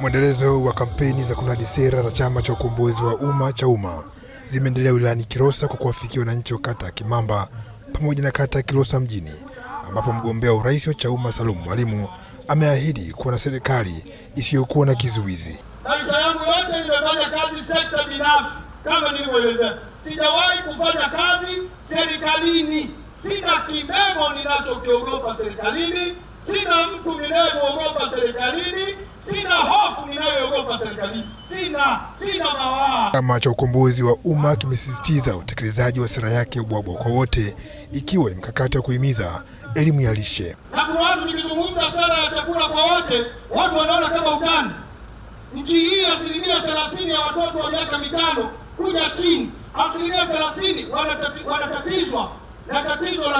Mwendelezo wa kampeni za kunadi sera za chama cha ukombozi wa umma CHAUMMA zimeendelea wilayani Kilosa kwa kuwafikia wananchi wa kata ya Kimamba pamoja na kata ya Kilosa mjini ambapo mgombea wa urais wa CHAUMMA Salum Mwalimu ameahidi kuwa na serikali isiyokuwa na kizuizi. Maisha yangu yote nimefanya kazi sekta binafsi, kama nilivyoeleza, sijawahi kufanya kazi serikalini. Sina kibemo ninachokiogopa serikalini, sina mtu ninayemwogopa serikalini, sina Sina, sina mawaa. Chama cha Ukombozi wa Umma kimesisitiza utekelezaji wa sera yake Ubwabwa kwa Wote, ikiwa ni mkakati wa kuhimiza elimu ya lishe. Na kuna watu nikizungumza sera ya chakula kwa wote, watu wanaona kama utani. Nchi hii asilimia thelathini ya watoto wa miaka mitano kuja chini, asilimia thelathini wanatatizwa na tatizo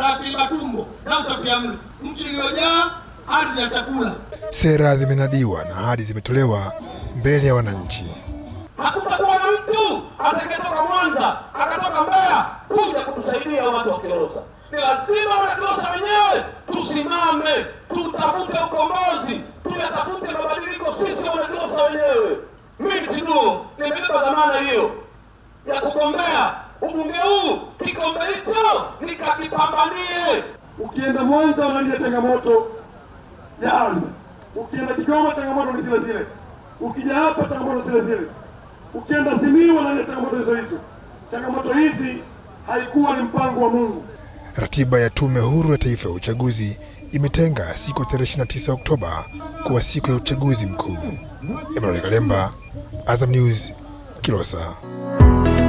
la kiliba tumbo na utapiamlo, nchi iliyojaa ardhi ya chakula. Sera zimenadiwa na ahadi zimetolewa mbele ya wananchi. Hakutakuwa na mtu atakayetoka Mwanza akatoka Mbeya kuja kutusaidia watu wa Kilosa. Ni lazima wanakilosa wenyewe tusimame, tutafute ukombozi, tuyatafute mabadiliko sisi wanakilosa wenyewe. Mimi Chiduo nimebeba dhamana hiyo ya kugombea ubunge huu, kikombe hicho nikakipambanie. Ukienda Mwanza unalia changamoto jali. Ukienda Kigoma changamoto ni zile zile, ukija hapa changamoto zile zile, ukienda Simiyu wanaleta changamoto hizo hizo. Changamoto hizi haikuwa ni mpango wa Mungu. Ratiba ya Tume Huru ya Taifa ya Uchaguzi imetenga siku 29 Oktoba kuwa siku ya uchaguzi mkuu. Emmanuel Kalemba, Azam News, Kilosa.